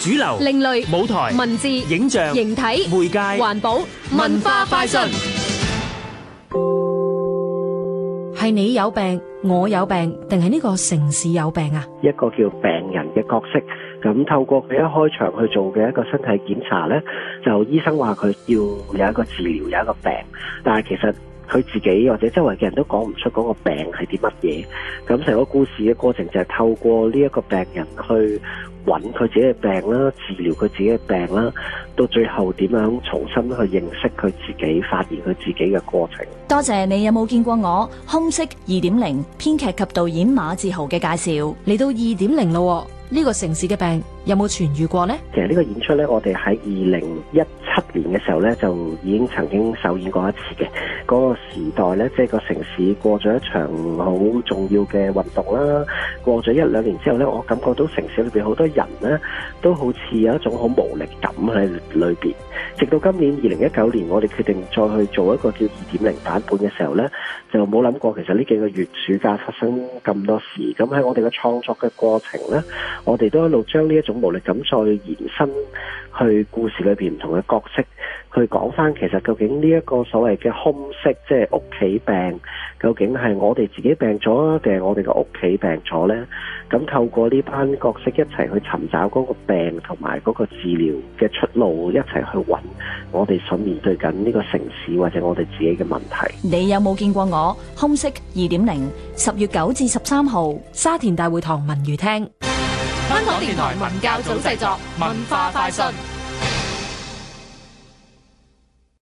主流、另類、舞台、文字、影像、形體、媒介、環保、文化快訊，係你有病，我有病，定係呢個城市有病啊？一個叫病人嘅角色，咁透過佢一開場去做嘅一個身體檢查呢，就醫生話佢要有一個治療，有一個病，但係其實佢自己或者周圍嘅人都講唔出嗰個病係啲乜嘢。咁成個故事嘅過程就係透過呢一個病人去。揾佢自己嘅病啦，治療佢自己嘅病啦，到最後點樣重新去認識佢自己，發現佢自己嘅過程。多謝你有冇見過我《空隙二點零》編劇及導演馬志豪嘅介紹。嚟到二點零咯，呢個城市嘅病有冇痊愈過呢？其實呢個演出咧，我哋喺二零一七年嘅時候咧，就已經曾經首演過一次嘅。嗰個時代咧，即係個城市過咗一場好重要嘅運動啦。過咗一兩年之後咧，我感覺到城市裏邊好多。人咧，都好似有一種好無力感喺裏邊，直到今年二零一九年，我哋決定再去做一個叫二點零版本嘅時候咧，就冇諗過其實呢幾個月暑假發生咁多事。咁喺我哋嘅創作嘅過程咧，我哋都一路將呢一種無力感再延伸去故事裏邊唔同嘅角色，去講翻其實究竟呢一個所謂嘅空色，即係屋企病，究竟係我哋自己病咗，定係我哋嘅屋企病咗咧？咁透過呢班角色一齊去。尋找嗰個病同埋嗰個治療嘅出路，一齊去揾我哋想面對緊呢個城市或者我哋自己嘅問題。你有冇見過我？空色二點零，十月九至十三號，沙田大會堂文娛廳。香港電，電台文教組製作，文化快訊。